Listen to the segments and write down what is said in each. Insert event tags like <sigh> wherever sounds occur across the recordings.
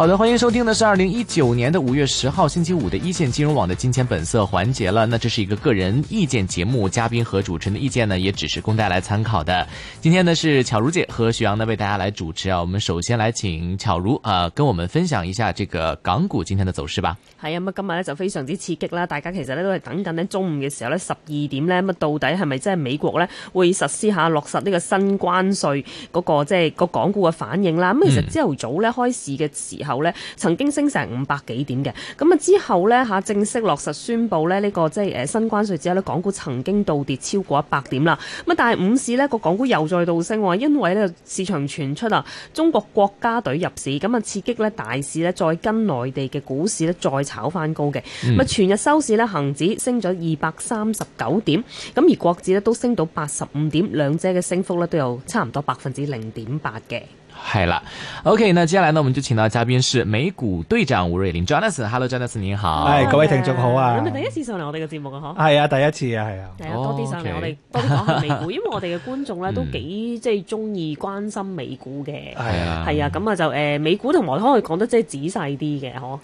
好的，歡迎收聽的是二零一九年的五月十號星期五的一線金融網的金錢本色環節了。那這是一個個人意見節目，嘉賓和主持人的意見呢，也只是供大家參考的。今天呢是巧如姐和徐洋呢為大家來主持啊。我們首先來請巧如啊、呃，跟我們分享一下這個港股今天的走勢吧。係啊、嗯，咁今日呢，就非常之刺激啦。大家其實呢，都係等緊咧中午嘅時候呢，十二點呢，咁到底係咪真係美國呢會實施下落實呢個新關稅嗰個即係個港股嘅反應啦？咁其實朝頭早咧開市嘅時候。後咧，曾經升成五百幾點嘅，咁啊之後呢，吓正式落實宣佈咧呢個即係誒新關稅之後咧，港股曾經倒跌超過一百點啦，咁啊但係午市呢個港股又再度升喎，因為咧市場傳出啊中國國家隊入市，咁啊刺激呢大市呢再跟內地嘅股市呢再炒翻高嘅，咁啊、嗯、全日收市呢，恒指升咗二百三十九點，咁而國指呢都升到八十五點，兩者嘅升幅呢都有差唔多百分之零點八嘅。係啦 <noise> ，OK，那接下來呢，我們就請到嘉賓是美股隊長吳瑞玲 j o n a t h a n h e l l o j o n a t h a n 你好，係、哎、各位聽眾好啊。你咪第一次上嚟我哋嘅節目啊？嗬，係啊，第一次啊，係、哎、啊。多啲上嚟我哋 <laughs> 多講下美股，因為我哋嘅觀眾咧都幾即係中意關心美股嘅。係、哎、呀啊，係啊，咁、嗯、啊就誒、呃、美股同外可以講得即係仔細啲嘅嗬。啊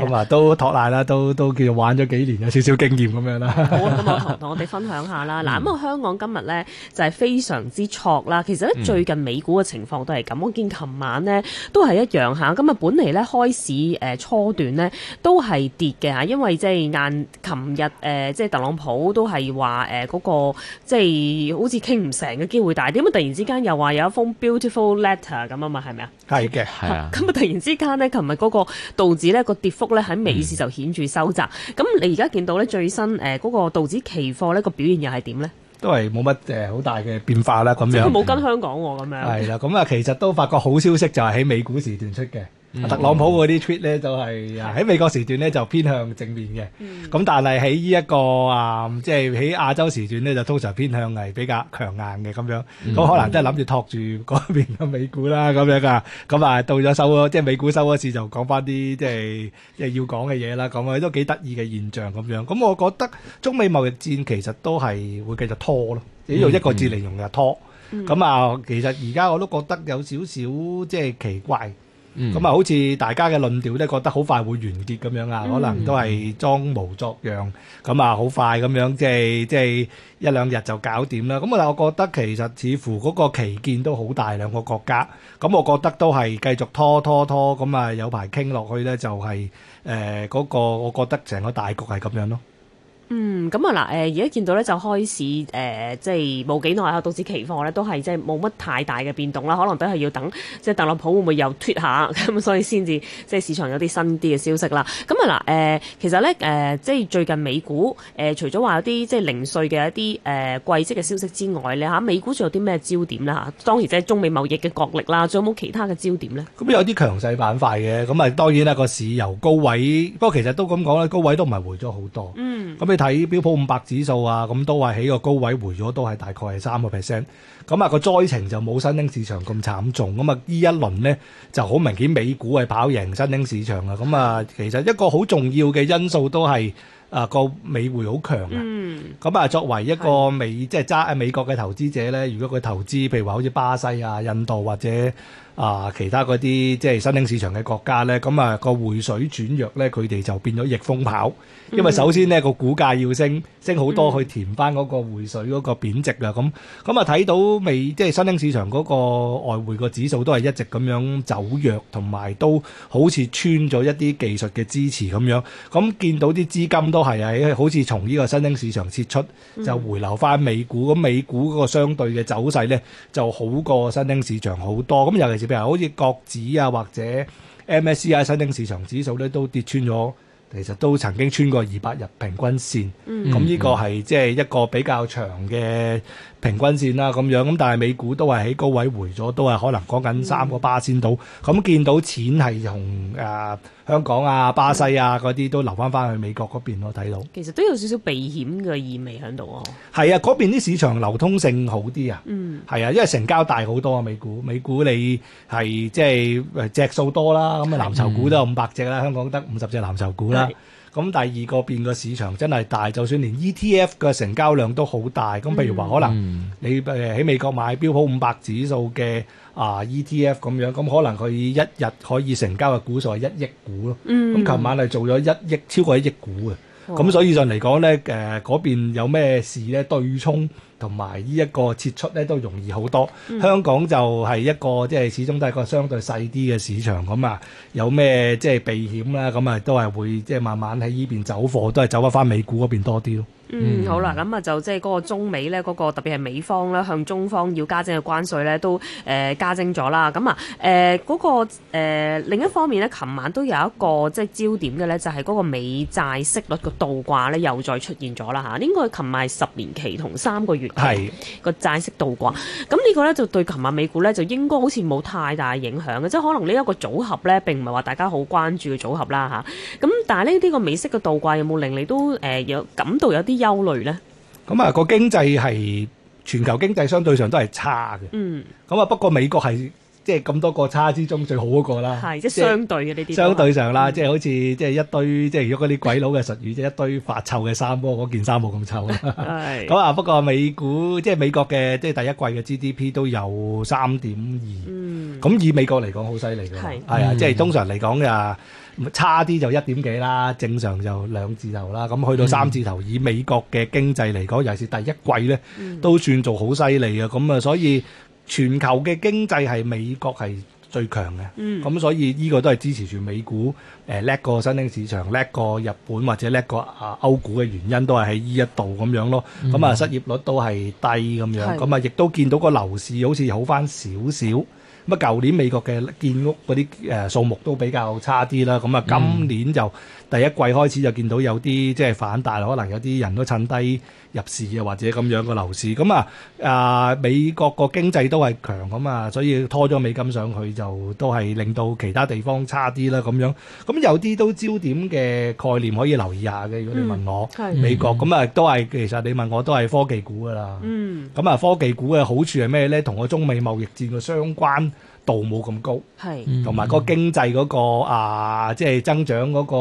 同埋、 <music> 啊啊、都托賴啦，都都叫做玩咗幾年，有少少經驗咁樣啦。好咁同我哋分享下啦。嗱，咁啊，香港今日咧就係、是、非常之挫啦。其實咧，最近美股嘅情況都係咁。我見琴晚咧都係一樣嚇。咁啊，本嚟咧開市誒、呃、初段咧都係跌嘅嚇、啊，因為即係晏琴日誒，即係、呃就是、特朗普都係話誒嗰個即係、就是、好似傾唔成嘅機會大啲。咁啊，突然之間又話有一封 beautiful letter 咁啊嘛，係咪啊？係嘅，係的 <laughs> 啊。咁啊，突然之間咧，琴日嗰個導致咧個跌幅。 <music> <music> 咧喺美市就顯著收窄，咁、嗯、你而家見到咧最新誒嗰、呃那個道指期貨咧個表現又係點咧？都係冇乜誒好大嘅變化啦咁樣。佢冇跟香港喎咁樣。係啦，咁、嗯、啊其實都發個好消息就係喺美股時段出嘅。特朗普嗰啲 tweet 咧，就係喺美國時段咧就偏向正面嘅。咁但係喺呢一個啊，即係喺亞洲時段咧，就通常偏向係比較強硬嘅咁樣。咁可能都係諗住托住嗰邊嘅美股啦，咁樣㗎。咁啊，到咗收即係美股收嗰時，就講返啲即係要講嘅嘢啦。咁啊，都幾得意嘅現象咁樣。咁我覺得中美貿易戰其實都係會繼續拖咯，只用一個字嚟形容就係拖。咁啊，其實而家我都覺得有少少即係奇怪。咁啊，嗯、好似大家嘅論調咧，覺得好快會完結咁樣啊，嗯、可能都係裝模作樣。咁啊、嗯，好快咁樣，即係即係一兩日就搞掂啦。咁啊，我覺得其實似乎嗰個歧見都好大，兩個國家。咁我覺得都係繼續拖拖拖。咁啊、就是，有排傾落去咧，就係誒嗰個，我覺得成個大局係咁樣咯。嗯，咁啊嗱，誒而家見到咧就開始，誒、呃、即係冇幾耐啊，到此期貨咧都係即係冇乜太大嘅變動啦，可能都係要等即係特朗普會唔會又脫下，咁、嗯、所以先至即係市場有啲新啲嘅消息啦。咁啊嗱，誒其實咧誒、呃、即係最近美股誒、呃、除咗話有啲即係零碎嘅一啲誒季績嘅消息之外咧嚇，美股仲有啲咩焦點咧嚇？當然即係中美貿易嘅角力啦，仲有冇其他嘅焦點咧？咁、嗯嗯、有啲強勢板塊嘅，咁啊當然啦個市由高位，不過其實都咁講咧，高位都唔係回咗好多。嗯。嗯。睇標普五百指數啊，咁都係起個高位，回咗都係大概係三個 percent。咁啊，個災情就冇新興市場咁慘重。咁啊，呢一輪咧就好明顯美股係跑贏新興市場啊。咁啊，其實一個好重要嘅因素都係啊個美匯好強啊。咁、嗯、啊，作為一個美的即係揸美國嘅投資者咧，如果佢投資譬如話好似巴西啊、印度或者。啊！其他嗰啲即係新興市場嘅國家咧，咁啊個匯水轉弱咧，佢哋就變咗逆風跑，因為首先咧個股價要升，升好多去填翻嗰個匯水嗰個貶值啦。咁，咁啊，睇到未？即係新興市場嗰個外匯個指數都係一直咁樣走弱，同埋都好似穿咗一啲技術嘅支持咁樣。咁見到啲資金都係喺好似從呢個新興市場撤出，就回流翻美股。咁美股嗰個相對嘅走勢咧就好過新興市場好多。咁尤其是。譬如好似國指啊，或者 MSCI、啊、新興市場指數咧，都跌穿咗，其實都曾經穿過二百日平均線，咁呢、嗯嗯、個係即係一個比較長嘅平均線啦咁樣，咁但係美股都係喺高位回咗，都係可能講緊三個巴仙到。咁、嗯、見到錢係從誒香港啊、巴西啊嗰啲都流翻翻去美國嗰邊咯，睇到。其實都有少少避險嘅意味喺度喎。係啊，嗰邊啲市場流通性好啲啊。嗯。係啊，因為成交大好多啊，美股。美股你係即係、呃、隻數多啦，咁藍籌股都有五百隻啦，嗯、香港得五十隻藍籌股啦。嗯咁第二個變個市場真係大，就算連 ETF 嘅成交量都好大。咁譬如話，可能你誒喺美國買標普五百指數嘅啊 ETF 咁樣，咁可能佢一日可以成交嘅股數係一億股咯。咁琴晚係做咗一億，超過一億股嘅。咁哇所以上嚟講咧，誒嗰邊有咩事咧，對沖同埋呢一個撤出咧都容易好多。香港就係一個即係始終都係一個相對細啲嘅市場咁啊，有咩即係避險啦、啊，咁啊都係會即係慢慢喺呢邊走貨，都係走返美股嗰邊多啲咯。嗯，好啦，咁啊就即係嗰個中美咧，嗰、那個特別係美方咧向中方要加徵嘅關稅咧，都誒、呃、加徵咗啦。咁啊誒嗰個、呃、另一方面咧，琴晚都有一個即係焦點嘅咧，就係、是、嗰個美債息率個倒掛咧又再出現咗啦嚇。應該係琴晚十年期同三個月期個債息倒掛。咁是呢個咧就對琴晚美股咧就應該好似冇太大影響嘅，即係可能呢一個組合咧並唔係話大家好關注嘅組合啦嚇。咁、啊嗯但係呢，呢個美式嘅倒掛有冇令你都誒有感到有啲憂慮咧？咁啊，個經濟係全球經濟相對上都係差嘅。嗯。咁啊，不過美國係即係咁多個差之中最好一個啦。係即係相對嘅呢啲。相對上啦，即係好似即係一堆即係如果啲鬼佬嘅術語，即係一堆發臭嘅衫喎，嗰件衫冇咁臭。係。咁啊，不過美股即係美國嘅即係第一季嘅 GDP 都有三點二。嗯。咁以美國嚟講，好犀利㗎。係。係啊，即係通常嚟講啊。差啲就一點幾啦，正常就兩字頭啦。咁去到三字頭，以美國嘅經濟嚟講，尤其是第一季咧，都算做好犀利啊。咁啊，所以全球嘅經濟係美國係最強嘅。咁所以呢個都係支持住美股誒叻過新興市場、叻過日本或者叻過啊歐股嘅原因，都係喺呢一度咁樣咯。咁啊，失業率都係低咁樣，咁啊亦都見到個樓市好似好翻少少。咁啊舊年美國嘅建屋嗰啲誒數目都比較差啲啦，咁啊今年就。第一季開始就見到有啲即係反彈，可能有啲人都趁低入市啊，或者咁樣個樓市咁啊。啊，美國個經濟都係強咁啊，所以拖咗美金上去就都係令到其他地方差啲啦咁樣。咁有啲都焦點嘅概念可以留意下嘅。如果你問我美國咁啊，都係其實你問我都係科技股㗎喇。嗯。咁啊，科技股嘅好處係咩咧？同個中美貿易戰嘅相關。度冇咁高，同埋係個經濟嗰、那個、嗯、啊，即係增長嗰、那個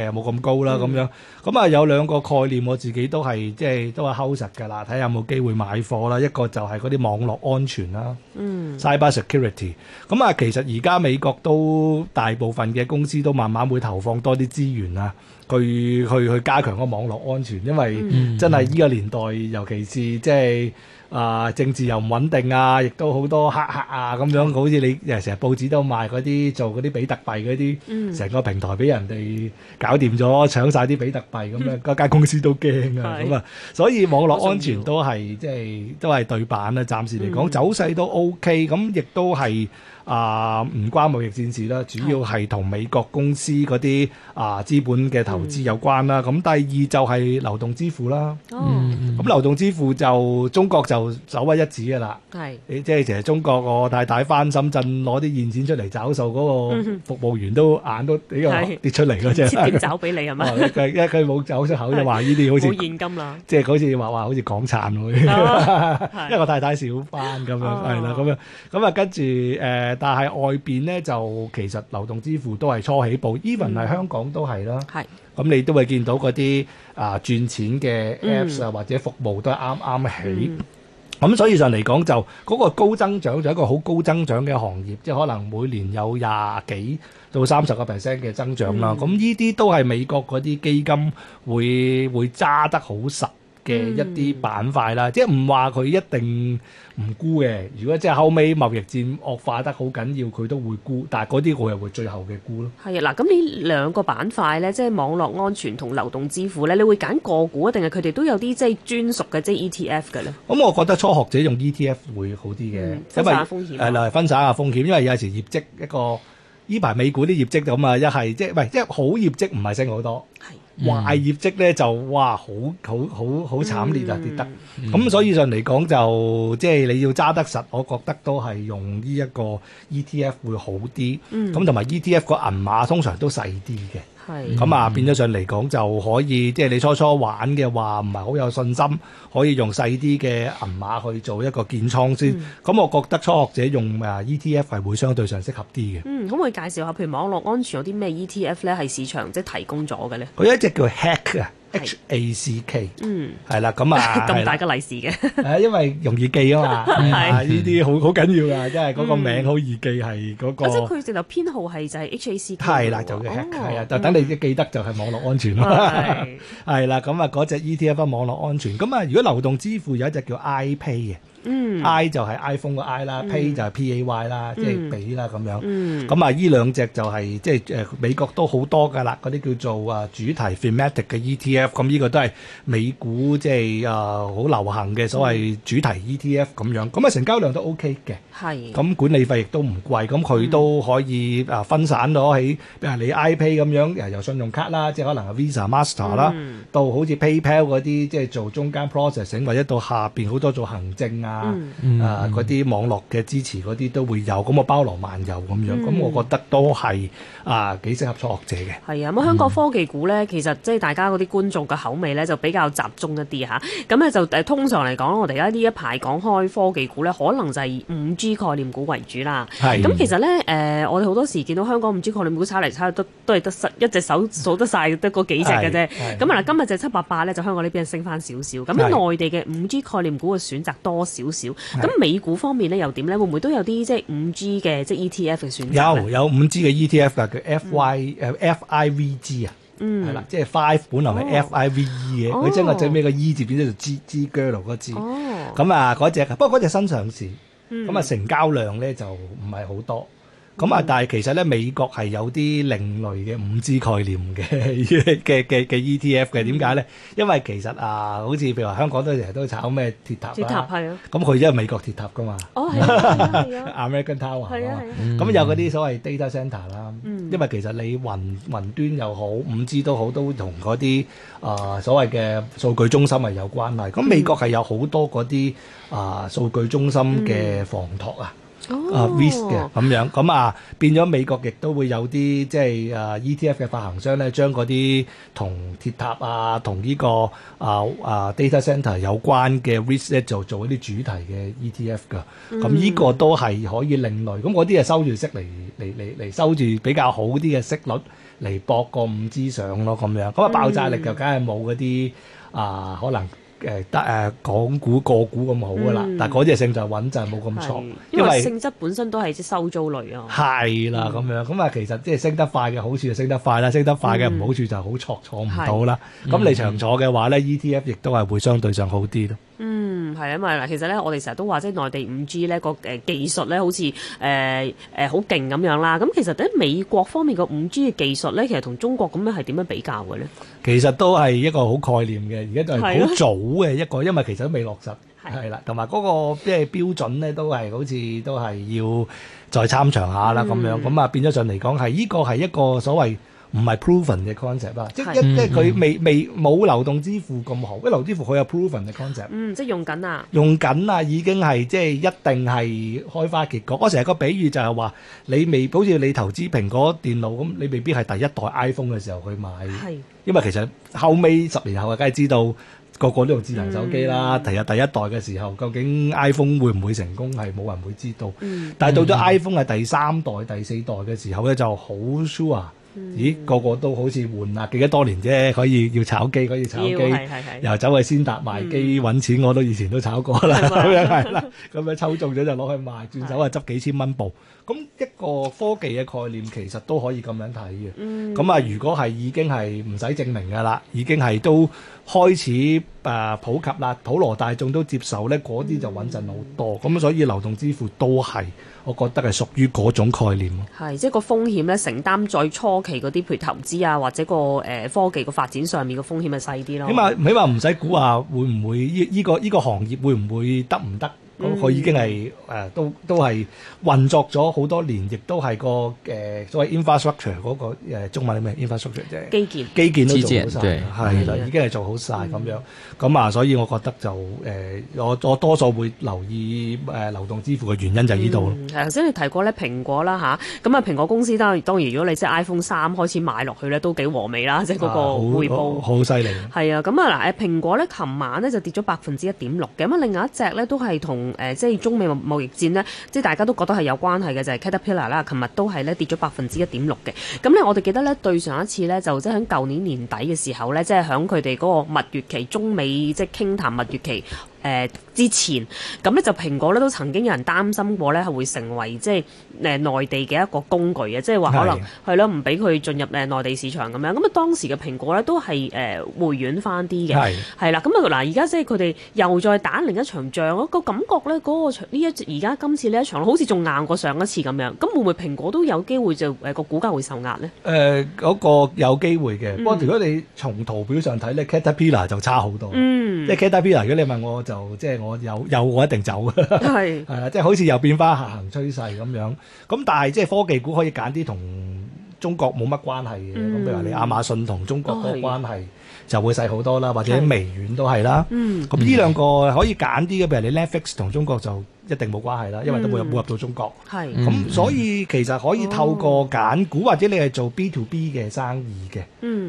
嘅冇咁高啦，咁、嗯、樣咁啊，有兩個概念我自己都係即係都係睺實嘅啦，睇下有冇機會買貨啦。一個就係嗰啲網絡安全啦、嗯，cyber security。咁啊，其實而家美國都大部分嘅公司都慢慢會投放多啲資源啊，佢去去，去加強個網絡安全，因為真係依個年代，尤其是即係。啊、呃，政治又唔穩定啊，亦都好多黑客，客啊，咁樣好似你誒成日報紙都賣嗰啲做嗰啲比特幣嗰啲，成、嗯、個平台俾人哋搞掂咗，搶晒啲比特幣咁樣，嗰、嗯、間公司都驚啊，咁是啊，所以網絡安全都係即係都係對版啦、啊。暫時嚟講，走勢都 OK，咁亦都係。啊，唔關貿易戰事啦，主要係同美國公司嗰啲啊資本嘅投資有關啦。咁第二就係流動支付啦。哦，咁流動支付就中國就首屈一指嘅啦。係，你即係其實中國我太太翻深圳攞啲現錢出嚟找數嗰個服務員都眼都呢個跌出嚟㗎啫，折疊找俾你係咪？佢一佢冇走出口就話呢啲好似冇現金啦，即係好似話話好似港燦喎。因為我太太少翻咁樣係啦，咁樣咁啊，跟住誒。但係外邊咧，就其實流動支付都係初起步，even 係香港都係啦。係咁，你都會見到嗰啲啊賺錢嘅 apps 啊，或者服務都啱啱起。咁所以上嚟講，就嗰個高增長就係一個好高增長嘅行業，即係可能每年有廿幾到三十個 percent 嘅增長啦。咁呢啲都係美國嗰啲基金會會揸得好實。嘅、嗯、一啲板塊啦，即係唔話佢一定唔沽嘅。如果即係後尾貿易戰惡化得好緊要，佢都會沽。但係嗰啲我又會最後嘅沽咯。係啊，嗱，咁呢兩個板塊咧，即係網絡安全同流動支付咧，你會揀個股啊，定係佢哋都有啲即係專屬嘅即係 ETF 嘅咧？咁我覺得初學者用 ETF 會好啲嘅、嗯，分散風險。誒，分散下風險，因為有陣時業績一個。呢排美股啲業績咁啊，一係即係喂即係好業績唔係升好多，嗯、壞業績咧就哇好好好好慘烈啊跌得，咁、嗯、所以上嚟講就即係、就是、你要揸得實，我覺得都係用呢一個 ETF 會好啲，咁同埋 ETF 個銀碼通常都細啲嘅。咁啊，嗯、變咗上嚟講就可以，即係你初初玩嘅話，唔係好有信心，可以用細啲嘅銀碼去做一個建倉先。咁、嗯、我覺得初學者用啊 ETF 係會相對上適合啲嘅。嗯，可唔可以介紹下，譬如網絡安全有啲咩 ETF 咧，係市場即係提供咗嘅咧？佢一隻叫 Hack 啊。H A C K，嗯，係啦，咁啊，咁大嘅利是嘅，係因為容易記啊嘛，係呢啲好好緊要噶，嗯、因係嗰個名好易記係嗰、嗯那個，即係佢直頭編號係就係 H A C K，係啦，就 H A C K 啊，就等你記得就係網絡安全咯，係啦 Okay. <laughs> 咁、那、啊、個、嗰隻 E T F 係網絡安全，咁啊如果流動支付有一隻叫 i Pay 嘅。Pay, 嗯、mm hmm.，I 就係 iPhone 個 I 啦、mm hmm.，Pay 就係 Pay 啦，即係俾啦咁樣嗯，咁啊、mm，呢兩隻就係、是，即係誒美國都好多㗎啦，啲叫做啊主題 Thematic 嘅 ETF。咁呢個都係美股即係啊好流行嘅所謂主題 ETF 咁樣咁啊、mm hmm. 成交量都 OK 嘅，係、mm。咁、hmm. 管理費亦都唔貴，咁佢都可以啊分散咗喺，譬如你 IP 咁樣由信用卡啦，即係可能係 Visa、mm、Master、hmm. 啦，到好似 PayPal 啲即係、就是、做中間 processing，或者到下邊好多做行政啊。啊！誒嗰啲網絡嘅支持嗰啲都會有，咁我包羅萬有咁樣，咁我覺得都係啊幾適合初學者嘅。係啊，冇、嗯嗯嗯、香港科技股咧，其實即係大家嗰啲觀眾嘅口味咧，就比較集中一啲吓，咁咧就誒通常嚟講，我哋而家呢一排講開科技股咧，可能就係五 G 概念股為主啦。係。咁其實咧誒、呃，我哋好多時見到香港五 G 概念股炒嚟炒去，都都係得一隻手數、嗯、只得晒得個幾隻嘅啫。係。咁啊嗱，今日就七八八咧，就香港呢邊升翻少少。係。咁喺內地嘅五 G 概念股嘅選擇多少？少少，咁美股方面咧又點咧？會唔會都有啲即係五 G 嘅即係 ETF 嘅選擇咧？有有五 G 嘅 ETF 啊，叫 FY FIVG 啊，係啦，即係 five 本來係 FIVE 嘅，佢將個最尾個 E 字變咗做 G，G-Girl 嗰支，咁啊嗰隻，不過嗰隻新上市，咁啊成交量咧就唔係好多。嗯嗯咁啊，嗯、但係其實咧，美國係有啲另類嘅五 G 概念嘅嘅嘅嘅 ETF 嘅。點解咧？因為其實啊，好似譬如話香港都成日都炒咩鐵塔，鐵塔係啊。咁佢因為美國鐵塔噶嘛、嗯嗯嗯。哦，係 American Tower 啊嘛？咁有嗰啲所謂 Data Center 啦，因為其實你雲雲端又好，五 G 都好，都同嗰啲啊所謂嘅數據中心係有關係。咁美國係有好多嗰啲啊數據中心嘅房託啊。嗯嗯啊，risk 嘅咁樣，咁啊變咗美國亦都會有啲即係啊 ETF 嘅發行商咧，將嗰啲同鐵塔啊，同呢個啊啊 data centre 有關嘅 risk 咧，就做一啲主題嘅 ETF 㗎。咁呢個都係可以另類。咁嗰啲係收住息嚟嚟嚟嚟收住比較好啲嘅息率嚟博個五支上咯咁樣。咁啊爆炸力就梗係冇嗰啲啊可能。誒，得誒、呃，港股個股咁好噶啦，嗯、但係嗰啲性就穩，就冇咁錯，是因為，因為性質本身都係即收租類啊。係啦、嗯，咁樣咁啊，其實即係升得快嘅好處就升得快啦，升得快嘅唔好處就好錯，嗯、坐唔到啦。咁是你長坐嘅話咧、嗯，ETF 亦都係會相對上好啲咯。嗯，係啊，咪嗱，其實咧，我哋成日都話即係內地五 G 呢個誒技術咧，好似誒誒好勁咁樣啦。咁其實喺美國方面個五 G 嘅技術咧，其實同中國咁樣係點樣比較嘅咧？其實都係一個好概念嘅，而家就係好早嘅一個，因為其實都未落實，係啦，同埋嗰個即係標準咧，都係好似都係要再參詳下啦咁樣。咁啊，變咗上嚟講，係呢個係一個所謂，唔係 proven 嘅 concept 啦，即係一即係佢未未冇流動支付咁好，因為流支付佢有 proven 嘅 concept，嗯，即係用緊啊，用緊啊，已經係即係一定係開花結果。我成日個比喻就係話，你未好似你投資蘋果電腦咁，你未必係第一代 iPhone 嘅時候去買，因為其實後尾十年後啊，梗係知道個個都用智能手機啦。第日第一代嘅時候，究竟 iPhone 會唔會成功係冇人會知道，但係到咗 iPhone 係第三代、第四代嘅時候咧，就好 sure。咦，個個都好似換啊，幾得多年啫，可以要炒機，可以炒機，又走去先達賣機揾、嗯、錢，我都以前都炒過啦，咁、嗯、 <laughs> <laughs> 樣係啦，咁樣抽中咗就攞去賣，轉手啊執幾千蚊部。咁一個科技嘅概念其實都可以咁樣睇嘅。咁啊、嗯，如果係已經係唔使證明嘅啦，已經係都開始誒普及啦，普羅大眾都接受咧，嗰啲就穩陣好多。咁、嗯、所以流動支付都係，我覺得係屬於嗰種概念。係，即係個風險咧，承擔在初期嗰啲，譬如投資啊，或者、嗰個誒、呃、科技個發展上面嘅風險係細啲咯。起碼起碼唔使估下，嗯、會唔會呢、呢、依個依、呢個行業會唔會得唔得？咁佢已經係誒都都係運作咗好多年，亦都係個誒所謂 infrastructure 嗰個中文啲咩，infrastructure 即係基建基建都做好曬，係啦，已經係做好晒咁樣。咁啊，所以我覺得就誒我我多數會留意誒流動支付嘅原因就係依度咯。頭先你提過咧蘋果啦吓，咁啊蘋果公司當然然，如果你即係 iPhone 三開始買落去咧，都幾和美啦，即係嗰個回好犀利。係啊，咁啊嗱誒蘋果咧，琴晚咧就跌咗百分之一點六嘅。咁啊，另外一隻咧都係同。誒，即係中美貿易戰呢，即係大家都覺得係有關係嘅，就係 Caterpillar 啦，琴日都係咧跌咗百分之一點六嘅。咁咧，我哋記得咧，對上一次咧，就即係喺舊年年底嘅時候咧，即係喺佢哋嗰個蜜月期，中美即係傾談蜜月期。誒，之前咁咧就蘋果咧都曾經有人擔心過咧，係會成為即係誒內地嘅一個工具啊，即係話可能係咯，唔俾佢進入誒內地市場咁樣。咁啊當時嘅蘋果咧都係誒回軟翻啲嘅係啦。咁啊嗱，而家即係佢哋又再打另一場仗咯。個感覺咧，嗰個場呢一而家今次呢一場好似仲硬過上一次咁樣。咁會唔會蘋果都有機會就誒個股價會受壓咧？誒，嗰個有機會嘅，不過如果你從圖表上睇咧 Caterpillar 就差好多。嗯，即係 Caterpillar 如果你問我。就即係我有有我一定走嘅，係啊是， <laughs> 即係好似又變翻下行趨勢咁樣。咁但係即係科技股可以揀啲同中國冇乜關係嘅，咁譬如話，嗯，你亞馬遜同中國嗰個關係就會細好多啦，是或者微軟都係啦。咁呢是兩個可以揀啲嘅，譬如你 Netflix 同中國就。一定冇關係啦，因為都冇入冇入到中國。係、嗯，咁、嗯、所以其實可以透過揀股或者你係做 B to B 嘅生意嘅，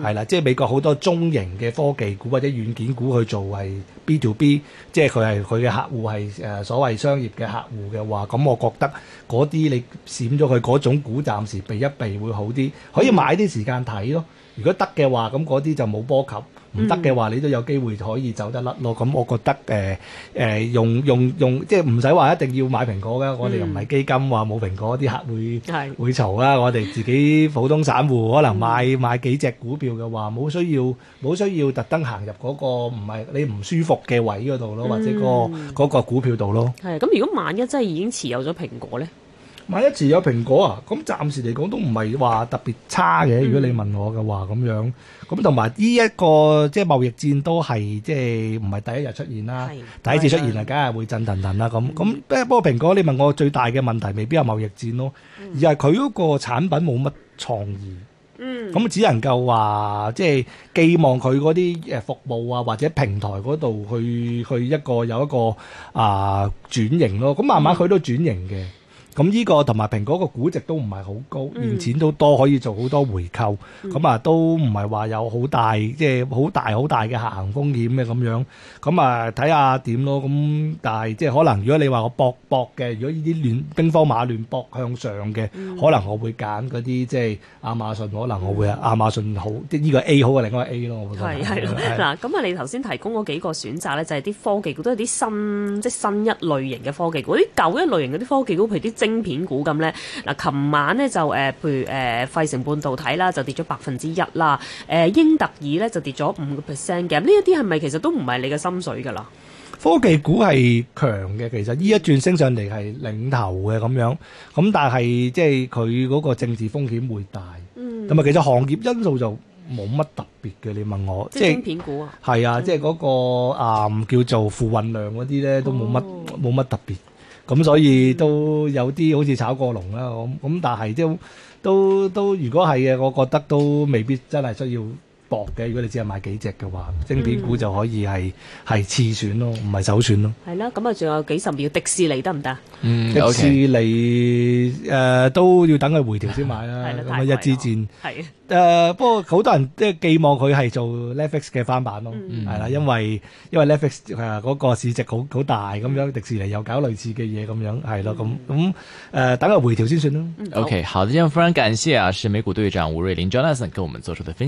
係啦、嗯，即係美國好多中型嘅科技股或者軟件股去做係 B to B，即係佢係佢嘅客戶係誒所謂商業嘅客戶嘅話，咁我覺得嗰啲你閃咗佢嗰種股，暫時避一避會好啲，可以買啲時間睇咯。如果得嘅話，咁嗰啲就冇波及。唔得嘅話，你都有機會可以走得甩咯。咁我覺得誒誒、呃呃、用用用，即係唔使話一定要買蘋果㗎。嗯、我哋又唔係基金話冇蘋果，啲客會是會嘈啦。我哋自己普通散戶可能買、嗯、買幾隻股票嘅話，冇需要冇需要特登行入嗰個唔係你唔舒服嘅位嗰度咯，或者、嗰個嗰、嗯、個股票度咯。係咁，如果萬一真係已經持有咗蘋果咧？萬一持有有蘋果啊，咁暫時嚟講都唔係話特別差嘅。如果你問我嘅話，咁樣咁同埋呢一個即係貿易戰都係即係唔係第一日出現啦，第一次出現啊，梗係會震騰騰啦。咁咁不過蘋果，你問我最大嘅問題，未必係貿易戰咯，而係佢嗰個產品冇乜創意。嗯，咁只能夠話即係寄望佢嗰啲誒服務啊或者平台嗰度去去一個有一個啊轉型咯。咁慢慢佢都轉型嘅。咁依個同埋蘋果個估值都唔係好高，現錢都多，可以做好多回購。咁啊，都唔係話有好大即係好大好大嘅下行風險嘅咁樣。咁啊，睇下點咯。咁但係即係可能如果你話我搏搏嘅，如果依啲亂兵荒馬亂搏向上嘅，可能我會揀嗰啲即係亞馬遜。可能我會亞馬遜好，即係依個 A 好過另外 A 咯。我覺得係係啦。嗱，咁啊，你頭先提供嗰幾個選擇咧，就係啲科技股，都係啲新即係新一類型嘅科技股，啲舊一類型嗰啲科技股，譬如啲積。晶片股咁咧，嗱，琴晚咧就誒，譬如誒，費城半導體啦，就跌咗百分之一啦，誒，英特爾咧就跌咗五個 percent 嘅，咁呢一啲係咪其實都唔係你嘅心水噶啦？科技股係強嘅，其實呢一轉升上嚟係領頭嘅咁樣，咁但係即係佢嗰個政治風險會大，咁啊，其實行業因素就冇乜特別嘅。你問我，即係晶片股啊？係啊，即係嗰個啊叫做負運量嗰啲咧，都冇乜冇乜特別。咁所以都有啲好似炒過龍啦，咁咁但係即都都如果係嘅，我覺得都未必真係需要。薄嘅，如果你只係買幾隻嘅話，精典股就可以係係次選咯，唔係首選咯。係啦，咁啊，仲有幾十秒，迪士尼得唔得？迪士尼誒都要等佢回調先買啦。咁啊，一枝箭係誒。不過好多人即係寄望佢係做 Netflix 嘅翻版咯，係啦，因為因為 Netflix 嗰個市值好好大咁樣，迪士尼又搞類似嘅嘢咁樣，係咯咁咁誒，等佢回調先算咯。O K，好的，非常感謝啊，是美股隊長吳瑞麟 Johnson 給我們做出的分析。